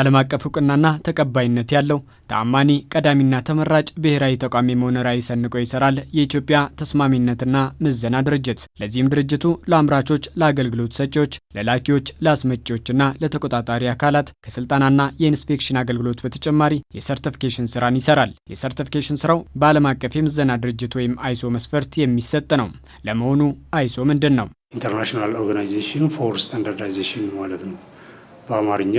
ዓለም አቀፍ እውቅናና ተቀባይነት ያለው ተአማኒ ቀዳሚና ተመራጭ ብሔራዊ ተቋም የመሆን ራዕይ ሰንቆ ይሰራል የኢትዮጵያ ተስማሚነትና ምዘና ድርጅት። ለዚህም ድርጅቱ ለአምራቾች፣ ለአገልግሎት ሰጪዎች፣ ለላኪዎች፣ ለአስመጪዎችና ለተቆጣጣሪ አካላት ከስልጠናና የኢንስፔክሽን አገልግሎት በተጨማሪ የሰርቲፊኬሽን ስራን ይሰራል። የሰርቲፊኬሽን ስራው በዓለም አቀፍ የምዘና ድርጅት ወይም አይሶ መስፈርት የሚሰጥ ነው። ለመሆኑ አይሶ ምንድን ነው? ኢንተርናሽናል ኦርጋናይዜሽን ፎር ስታንዳርዳይዜሽን ማለት ነው። በአማርኛ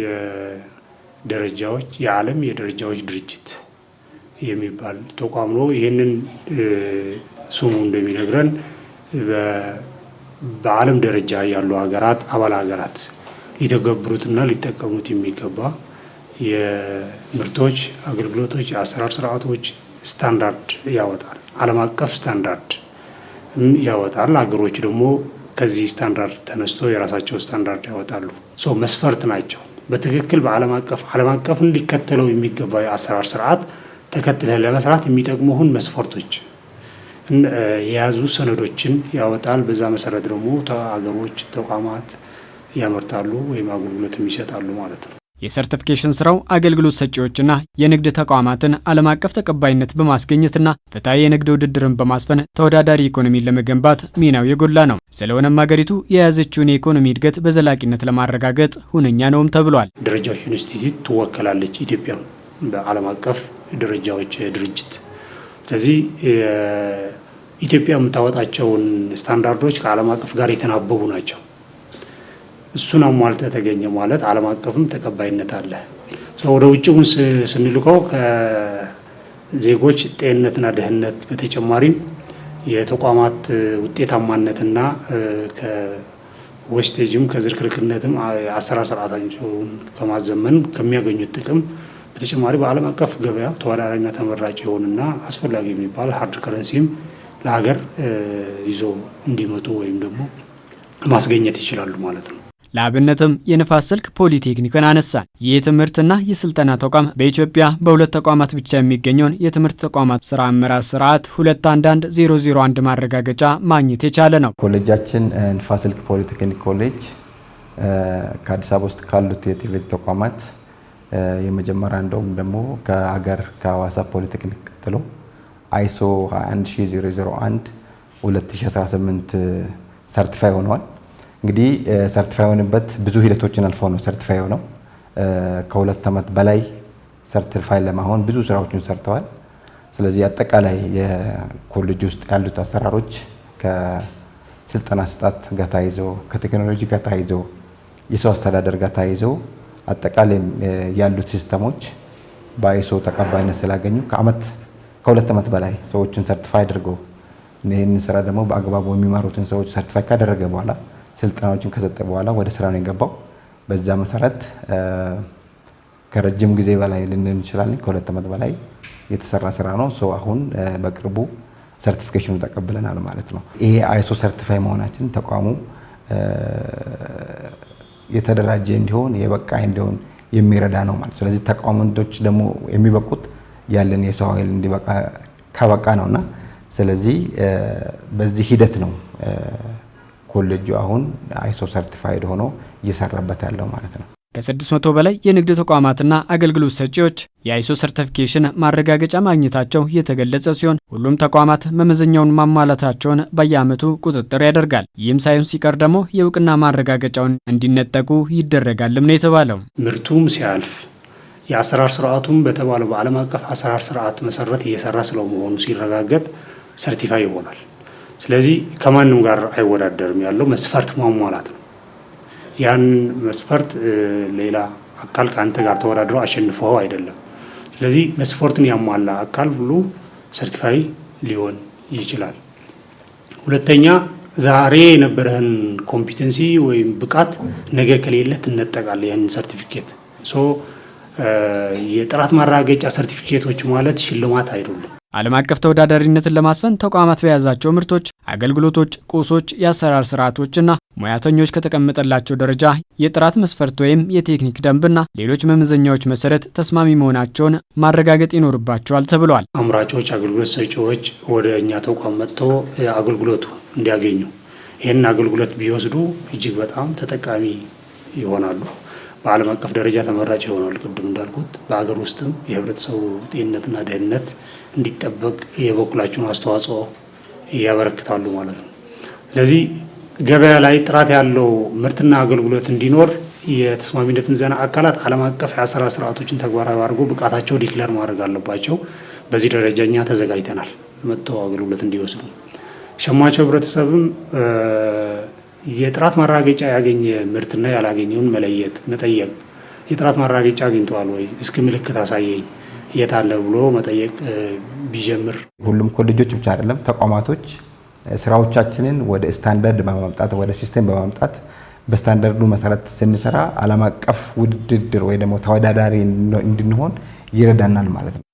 የደረጃዎች የዓለም የደረጃዎች ድርጅት የሚባል ተቋም ነው። ይህንን ስሙ እንደሚነግረን በዓለም ደረጃ ያሉ ሀገራት አባል ሀገራት ሊተገብሩትና ሊጠቀሙት የሚገባ የምርቶች፣ አገልግሎቶች፣ የአሰራር ስርዓቶች ስታንዳርድ ያወጣል። ዓለም አቀፍ ስታንዳርድ ያወጣል። ሀገሮች ደግሞ ከዚህ ስታንዳርድ ተነስቶ የራሳቸው ስታንዳርድ ያወጣሉ። ሶ መስፈርት ናቸው። በትክክል በዓለም አቀፍ ዓለም አቀፍን ሊከተለው የሚገባ የአሰራር ስርዓት ተከትለን ለመስራት የሚጠቅሙህን መስፈርቶች የያዙ ሰነዶችን ያወጣል። በዛ መሰረት ደግሞ አገሮች፣ ተቋማት ያመርታሉ ወይም አገልግሎት ይሰጣሉ ማለት ነው። የሰርቲፊኬሽን ስራው አገልግሎት ሰጪዎችና የንግድ ተቋማትን ዓለም አቀፍ ተቀባይነት በማስገኘትና ፍትሐዊ የንግድ ውድድርን በማስፈን ተወዳዳሪ ኢኮኖሚን ለመገንባት ሚናው የጎላ ነው። ስለሆነም ሀገሪቱ የያዘችውን የኢኮኖሚ እድገት በዘላቂነት ለማረጋገጥ ሁነኛ ነውም ተብሏል። ደረጃዎች ኢንስቲትዩት ትወከላለች ኢትዮጵያ በዓለም አቀፍ ደረጃዎች ድርጅት። ስለዚህ ኢትዮጵያ የምታወጣቸውን ስታንዳርዶች ከዓለም አቀፍ ጋር የተናበቡ ናቸው። እሱን አሟልተ ተገኘ ማለት ዓለም አቀፍም ተቀባይነት አለ። ወደ ውጭውን ስንልከው ከዜጎች ጤንነትና ደህንነት በተጨማሪም የተቋማት ውጤታማነትና ከወስቴጅም ከዝርክርክነትም አሰራር ስርዓታቸውን ከማዘመን ከሚያገኙት ጥቅም በተጨማሪ በዓለም አቀፍ ገበያ ተወዳዳሪና ተመራጭ የሆኑና አስፈላጊ የሚባል ሀርድ ከረንሲም ለሀገር ይዞ እንዲመጡ ወይም ደግሞ ማስገኘት ይችላሉ ማለት ነው። ለአብነትም የንፋስ ስልክ ፖሊቴክኒክን አነሳን። ይህ ትምህርትና የስልጠና ተቋም በኢትዮጵያ በሁለት ተቋማት ብቻ የሚገኘውን የትምህርት ተቋማት ስራ አመራር ስርዓት 21101 ማረጋገጫ ማግኘት የቻለ ነው። ኮሌጃችን ንፋስ ስልክ ፖሊቴክኒክ ኮሌጅ ከአዲስ አበባ ውስጥ ካሉት የቲቬት ተቋማት የመጀመሪያ እንደውም ደግሞ ከሀገር ከሀዋሳ ፖሊቴክኒክ ቀጥሎ አይሶ 21001 2018 ሰርቲፋይ ሆነዋል። እንግዲህ ሰርቲፋይ የሆንበት ብዙ ሂደቶችን አልፎ ነው ሰርቲፋይ የሆነው። ከሁለት ዓመት በላይ ሰርቲፋይ ለመሆን ብዙ ስራዎችን ሰርተዋል። ስለዚህ አጠቃላይ የኮሌጅ ውስጥ ያሉት አሰራሮች ከስልጠና ስጣት ጋር ታይዞ፣ ከቴክኖሎጂ ጋር ታይዞ፣ የሰው አስተዳደር ጋር ታይዞ አጠቃላይ ያሉት ሲስተሞች በአይሶ ተቀባይነት ስላገኙ ከዓመት ከሁለት ዓመት በላይ ሰዎችን ሰርቲፋይ አድርገው ይህን ስራ ደግሞ በአግባቡ የሚመሩትን ሰዎች ሰርቲፋይ ካደረገ በኋላ ስልጠናዎችን ከሰጠ በኋላ ወደ ስራ ነው የገባው። በዛ መሰረት ከረጅም ጊዜ በላይ ልንል እንችላለን፣ ከሁለት ዓመት በላይ የተሰራ ስራ ነው። አሁን በቅርቡ ሰርቲፊኬሽኑ ተቀብለናል ማለት ነው። ይሄ አይሶ ሰርቲፋይ መሆናችን ተቋሙ የተደራጀ እንዲሆን የበቃ እንዲሆን የሚረዳ ነው ማለት። ስለዚህ ተቋሞች ደግሞ የሚበቁት ያለን የሰው ኃይል እንዲበቃ ከበቃ ነውና፣ ስለዚህ በዚህ ሂደት ነው ኮሌጁ አሁን አይሶ ሰርቲፋይድ ሆኖ እየሰራበት ያለው ማለት ነው። ከ600 በላይ የንግድ ተቋማትና አገልግሎት ሰጪዎች የአይሶ ሰርቲፊኬሽን ማረጋገጫ ማግኘታቸው የተገለጸ ሲሆን ሁሉም ተቋማት መመዘኛውን ማሟላታቸውን በየዓመቱ ቁጥጥር ያደርጋል። ይህም ሳይሆን ሲቀር ደግሞ የእውቅና ማረጋገጫውን እንዲነጠቁ ይደረጋልም ነው የተባለው። ምርቱም ሲያልፍ የአሰራር ስርዓቱም በተባለው በዓለም አቀፍ አሰራር ስርዓት መሰረት እየሰራ ስለመሆኑ ሲረጋገጥ ሰርቲፋይ ይሆናል። ስለዚህ ከማንም ጋር አይወዳደርም ያለው መስፈርት ማሟላት ነው። ያን መስፈርት ሌላ አካል ከአንተ ጋር ተወዳድሮ አሸንፈው አይደለም። ስለዚህ መስፈርቱን ያሟላ አካል ሁሉ ሰርቲፋይ ሊሆን ይችላል። ሁለተኛ ዛሬ የነበረህን ኮምፒተንሲ ወይም ብቃት ነገ ከሌለ ትነጠቃለህ ያንን ሰርቲፊኬት። ሶ የጥራት ማራገጫ ሰርቲፊኬቶች ማለት ሽልማት አይደሉም። ዓለም አቀፍ ተወዳዳሪነትን ለማስፈን ተቋማት በያዛቸው ምርቶች፣ አገልግሎቶች፣ ቁሶች፣ የአሰራር ስርዓቶችና ሙያተኞች ከተቀመጠላቸው ደረጃ የጥራት መስፈርት ወይም የቴክኒክ ደንብና ሌሎች መመዘኛዎች መሰረት ተስማሚ መሆናቸውን ማረጋገጥ ይኖርባቸዋል ተብሏል። አምራቾች፣ አገልግሎት ሰጪዎች ወደ እኛ ተቋም መጥተው አገልግሎቱ እንዲያገኙ ይህንን አገልግሎት ቢወስዱ እጅግ በጣም ተጠቃሚ ይሆናሉ። በዓለም አቀፍ ደረጃ ተመራጭ ይሆናሉ። ቅድም እንዳልኩት በሀገር ውስጥም የህብረተሰቡ ጤንነትና ደህንነት እንዲጠበቅ የበኩላቸውን አስተዋጽኦ ያበረክታሉ ማለት ነው። ስለዚህ ገበያ ላይ ጥራት ያለው ምርትና አገልግሎት እንዲኖር የተስማሚነት ምዘና አካላት ዓለም አቀፍ የአሰራር ስርዓቶችን ተግባራዊ አድርጎ ብቃታቸው ዲክለር ማድረግ አለባቸው። በዚህ ደረጃ እኛ ተዘጋጅተናል መጥቶ አገልግሎት እንዲወስዱ። ሸማቸው ህብረተሰብም የጥራት ማራገጫ ያገኘ ምርትና ያላገኘውን መለየት፣ መጠየቅ የጥራት ማራገጫ አግኝተዋል ወይ እስኪ ምልክት አሳየኝ የታለ ብሎ መጠየቅ ቢጀምር ሁሉም ኮሌጆች ብቻ አይደለም ተቋማቶች ስራዎቻችንን ወደ ስታንዳርድ በማምጣት ወደ ሲስተም በማምጣት በስታንዳርዱ መሰረት ስንሰራ ዓለም አቀፍ ውድድር ወይ ደግሞ ተወዳዳሪ እንድንሆን ይረዳናል ማለት ነው።